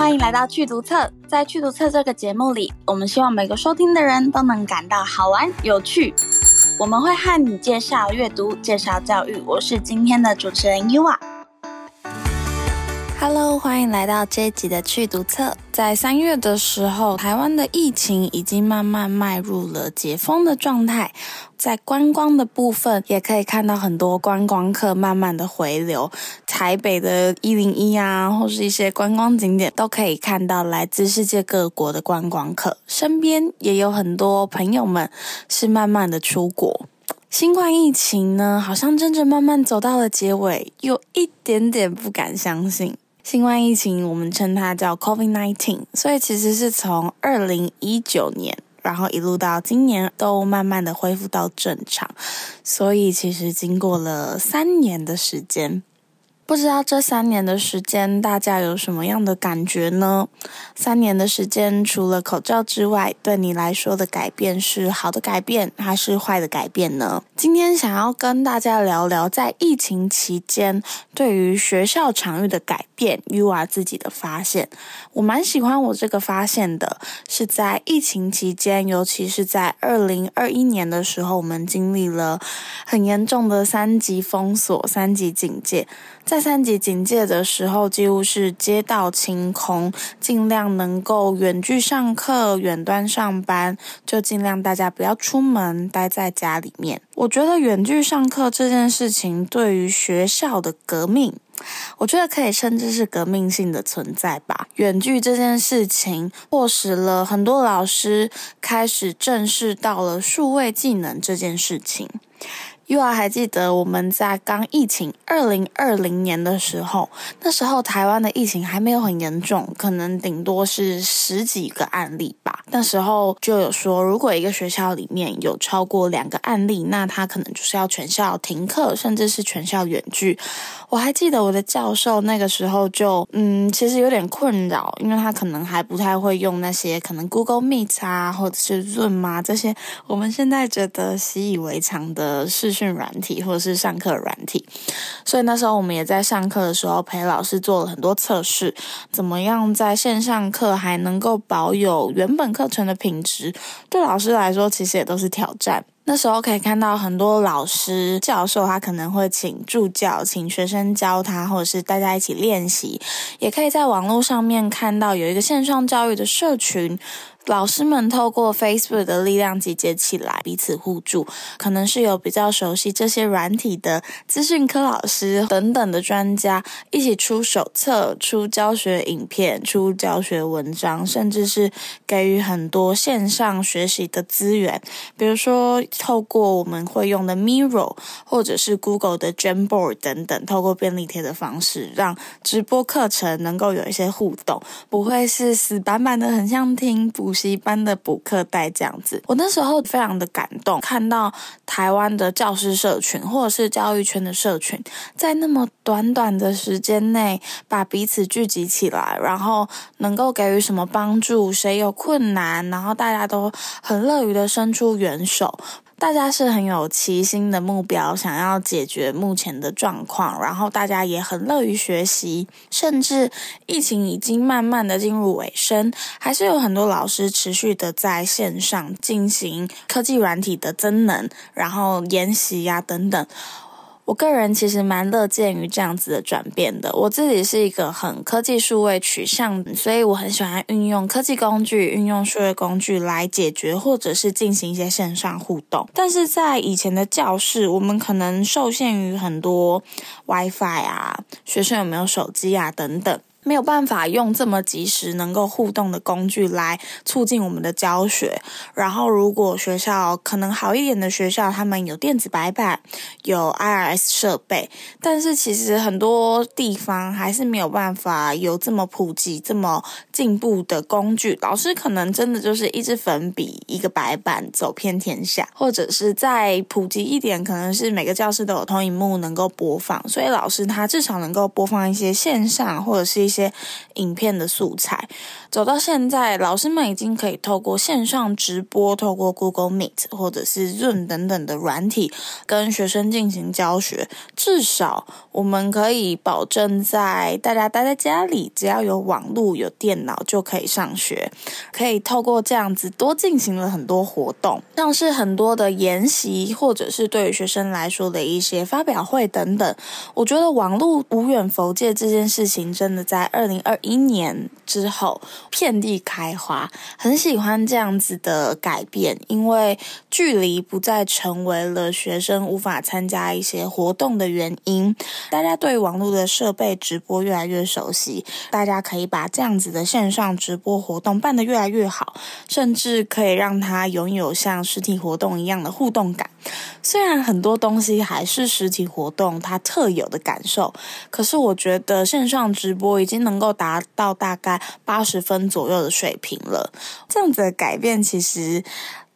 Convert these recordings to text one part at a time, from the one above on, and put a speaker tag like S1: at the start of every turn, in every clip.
S1: 歡迎來到趣讀冊，在趣讀冊這個節目裡，我們希望每個收聽的人都能感到好玩有趣。我們會和你介紹閱讀，介紹教育。我是今天的主持人伊娃。哈嘍，歡迎來到這一集的趣讀冊。在三月的時候，台灣的疫情已經慢慢邁入了解封的狀態。在觀光的部分，也可以看到很多觀光客慢慢的回流。台北的一零一啊，或是一些觀光景點，都可以看到來自世界各國的觀光客。身邊也有很多朋友們是慢慢的出國。新冠疫情呢，好像真正慢慢走到了結尾，有一點點不敢相信。新冠疫情，我們稱它叫 COVID-19，所以其實是從二零一九年，然後一路到今年，都慢慢的恢復到正常。所以其實經過了三年的時間。不知道這三年的時間，大家有什麼樣的感覺呢？三年的時間，除了口罩之外，對你來說的改變是好的改變還是壞的改變呢？今天想要跟大家聊聊，在疫情期間對於學校場域的改變，U 娃自己的發現。我蠻喜歡我這個發現的，是在疫情期間，尤其是在二零二一年的時候，我們經歷了很嚴重的三級封鎖、三級警戒，在。三級警戒的時候，幾乎是街道清空，盡量能夠遠距上課、遠端上班，就盡量大家不要出門，待在家裡面。我覺得遠距上課這件事情，對於學校的革命，我覺得可以稱之為是革命性的存在吧。遠距這件事情，迫使了很多老師開始正視到了數位技能這件事情。又我還記得我們在剛疫情二零二零年的時候，那時候台灣的疫情還沒有很嚴重，可能頂多是十幾個案例吧。那時候就有說，如果一個學校裡面有超過兩個案例，那他可能就是要全校停課，甚至是全校遠距。我還記得我的教授那個時候就，嗯，其實有點困擾，因為他可能還不太會用那些可能 Google Meet 啊，或者是 Zoom 啊，這些我們現在覺得習以為常的視訊軟體或者是上課軟體。所以那時候我們也在上課的時候陪老師做了很多測試，怎麼樣在線上課還能夠保有原本課。課程的品質，對老師來說其實也都是挑戰。那時候可以看到很多老師、教授，他可能會請助教，請學生教他，或者是大家一起練習。也可以在網絡上面看到有一個線上教育的社群。老師們透過 Facebook 的力量集結起來，彼此互助，可能是有比較熟悉這些軟體的資訊科老師等等的專家一起出手冊、出教學影片、出教學文章，甚至是給予很多線上學習的資源，比如說透過我們會用的 Miro 或者是 Google 的 Jamboard 等等，透過便利貼的方式，讓直播課程能夠有一些互動，不會是死板板的很像聽補習班的補課帶這樣子，我那時候非常的感動，看到台灣的教師社群或者是教育圈的社群，在那麼短短的時間內，把彼此聚集起來，然後能夠給予什麼幫助，誰有困難，然後大家都很樂於的伸出援手。大家是很有齊心的目標，想要解決目前的狀況，然後大家也很樂於學習，甚至疫情已經慢慢的進入尾聲，還是有很多老師持續的在線上進行科技軟體的增能，然後研習呀、啊、等等。我個人其實蠻樂見於這樣子的轉變的。我自己是一個很科技數位取向，所以我很喜歡運用科技工具、運用數位工具來解決，或者是進行一些線上互動。但是在以前的教室，我們可能受限於很多 WiFi 啊、學生有沒有手機啊等等。沒有辦法用這麼及時能夠互動的工具來促進我們的教學。然後，如果學校可能好一點的學校，他們有電子白板，有 IRS 設備，但是其實很多地方還是沒有辦法有這麼普及、這麼進步的工具。老師可能真的就是一支粉筆、一個白板走遍天下，或者是再普及一點，可能是每個教室都有投影幕能夠播放。所以，老師他至少能夠播放一些線上或者是一些。影片的素材。走到現在，老師們已經可以透過線上直播，透過 Google Meet 或者是 Zoom 等等的軟體，跟學生進行教學。至少我們可以保證，在大家待在家裡，只要有網絡、有電腦就可以上學，可以透過這樣子多進行了很多活動，像是很多的研習，或者是對於學生來說的一些發表會等等。我覺得網絡無遠弗屆這件事情，真的在二零二一年之後。遍地開花，很喜歡這樣子的改變，因為距離不再成為了學生無法參加一些活動的原因。大家對於網絡的設備直播越來越熟悉，大家可以把這樣子的線上直播活動辦得越來越好，甚至可以讓它擁有像實體活動一樣的互動感。雖然很多東西還是實體活動它特有的感受，可是我覺得線上直播已經能夠達到大概八十分分左右的水平了，這樣子的改變其實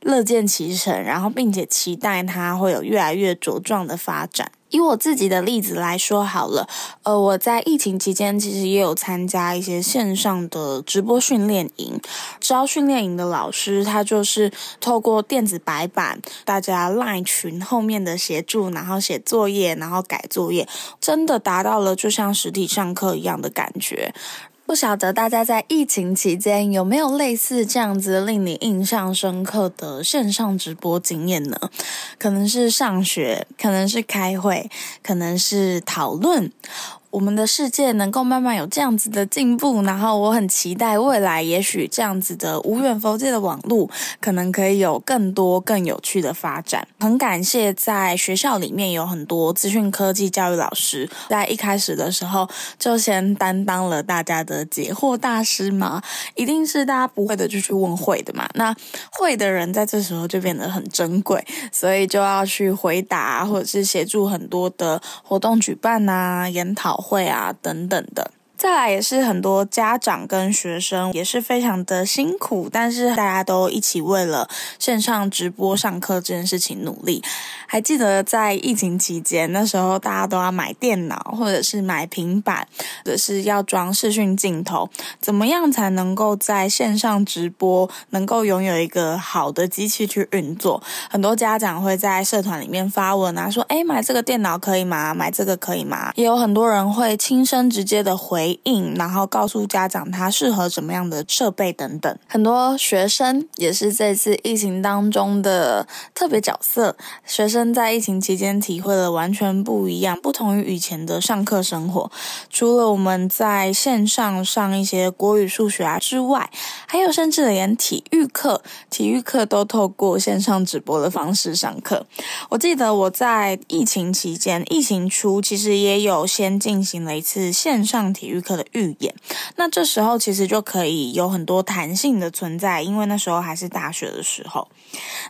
S1: 樂見其成，然後並且期待它會有越來越茁壯的發展。以我自己的例子來說好了，呃，我在疫情期間其實也有參加一些線上的直播訓練營，招訓練營的老師他就是透過電子白板、大家 Line 群後面的協助，然後寫作業，然後改作業，真的達到了就像實體上課一樣的感覺。不曉得大家在疫情期間有沒有類似這樣子令你印象深刻的線上直播經驗呢？可能是上學，可能是開會，可能是討論。我們的世界能夠慢慢有這樣子的進步，然後我很期待未來，也許這樣子的無遠弗屆的網絡，可能可以有更多更有趣的發展。很感謝在學校裡面有很多資訊科技教育老師，在一開始的時候就先擔當了大家的解惑大師嘛，一定是大家不會的就去問會的嘛，那會的人在這時候就變得很珍貴，所以就要去回答或者是協助很多的活動舉辦吶、啊、研討。會啊，等等的。再來也是很多家長跟學生也是非常的辛苦，但是大家都一起為了線上直播上課這件事情努力。還記得在疫情期間，那時候大家都要買電腦，或者是買平板，或者是要裝視訊鏡頭，怎麼樣才能夠在線上直播能夠擁有一個好的機器去運作？很多家長會在社團裡面發問啊，說：“誒、欸，買這個電腦可以嗎？買這個可以嗎？”也有很多人會親身直接的回。應，然後告訴家長他適合怎麼樣的設備等等。很多學生也是這次疫情當中的特別角色。學生在疫情期間體會了完全不一樣，不同於以前的上課生活。除了我們在線上上一些國語、數學之外，還有甚至連體育課，體育課都透過線上直播的方式上課。我記得我在疫情期間，疫情初其實也有先進行了一次線上體育。課的預演，那這時候其實就可以有很多彈性的存在，因為那時候還是大學的時候，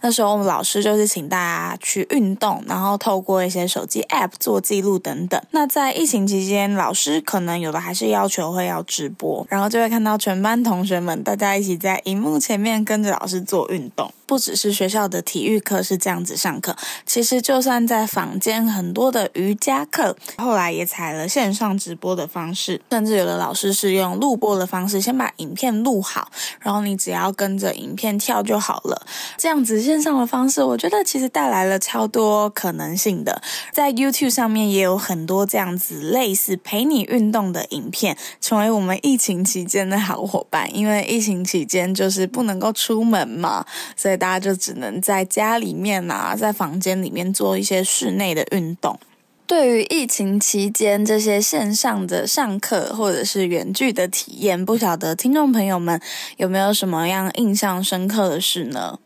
S1: 那時候我們老師就是請大家去運動，然後透過一些手機 App 做記錄等等。那在疫情期間，老師可能有的還是要求會要直播，然後就會看到全班同學們大家一起在熒幕前面跟着老師做運動。不只是學校的體育課是這樣子上課，其實就算在坊間很多的瑜伽課，後來也採了線上直播的方式。甚至有的老師是用錄播的方式，先把影片錄好，然後你只要跟着影片跳就好了。這樣子線上的方式，我覺得其實帶來了超多可能性的。在 YouTube 上面也有很多這樣子類似陪你運動的影片，成為我們疫情期間的好夥伴。因為疫情期間就是不能夠出門嘛，所以大家就只能在家裡面啊，在房間裡面做一些室內的運動。對於疫情期間這些線上的上課或者是遠距的體驗，不曉得聽眾朋友們有沒有什麼樣印象深刻的事呢？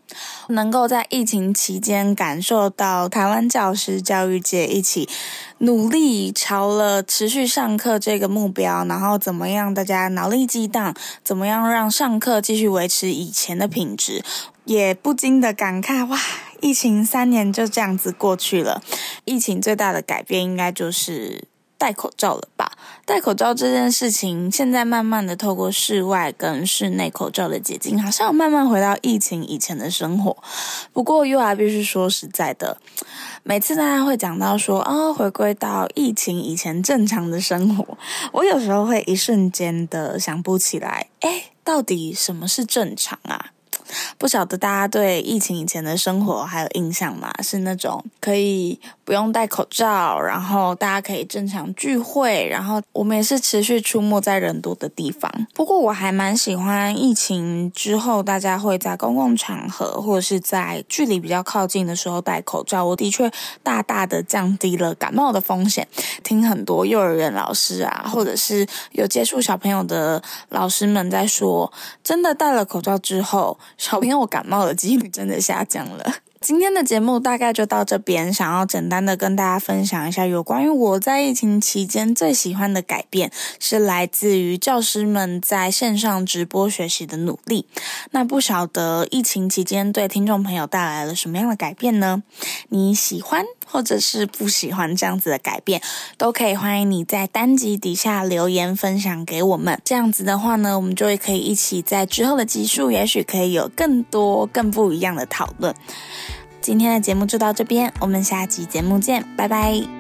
S1: 能夠在疫情期間感受到台灣教師教育界一起努力朝了持續上課這個目標，然後怎麼樣大家腦力激盪，怎麼樣讓上課繼續維持以前的品質，也不禁的感慨，哇。疫情三年就這樣子過去了，疫情最大的改變應該就是戴口罩了吧？戴口罩這件事情，現在慢慢的透過室外跟室內口罩的解禁，好像有慢慢回到疫情以前的生活。不過，U R 必須說實在的，每次大家會講到說，啊、哦，回歸到疫情以前正常的生活，我有時候會一瞬間的想不起來，哎，到底什麼是正常啊？不曉得大家對疫情以前的生活還有印象嗎？是那種可以。不用戴口罩，然後大家可以正常聚會，然後我們也是持續出沒在人多的地方。不過我還蠻喜歡疫情之後大家會在公共場合或者是在距離比較靠近的時候戴口罩，我的確大大的降低了感冒的風險。聽很多幼兒園老師啊，或者是有接觸小朋友的老師們在說，真的戴了口罩之後，小朋友感冒的幾率真的下降了。今天的節目大概就到這邊，想要簡單的跟大家分享一下有關於我在疫情期間最喜歡的改變，是來自於教師們在線上直播學習的努力。那不曉得疫情期間對聽眾朋友帶來了什麼樣的改變呢？你喜歡？或者是不喜歡這樣子的改變，都可以歡迎你在單集底下留言分享給我們。這樣子的話呢，我們就會可以一起在之後的集數，也許可以有更多更不一樣的討論。今天的節目就到這邊，我們下期節目見，拜拜。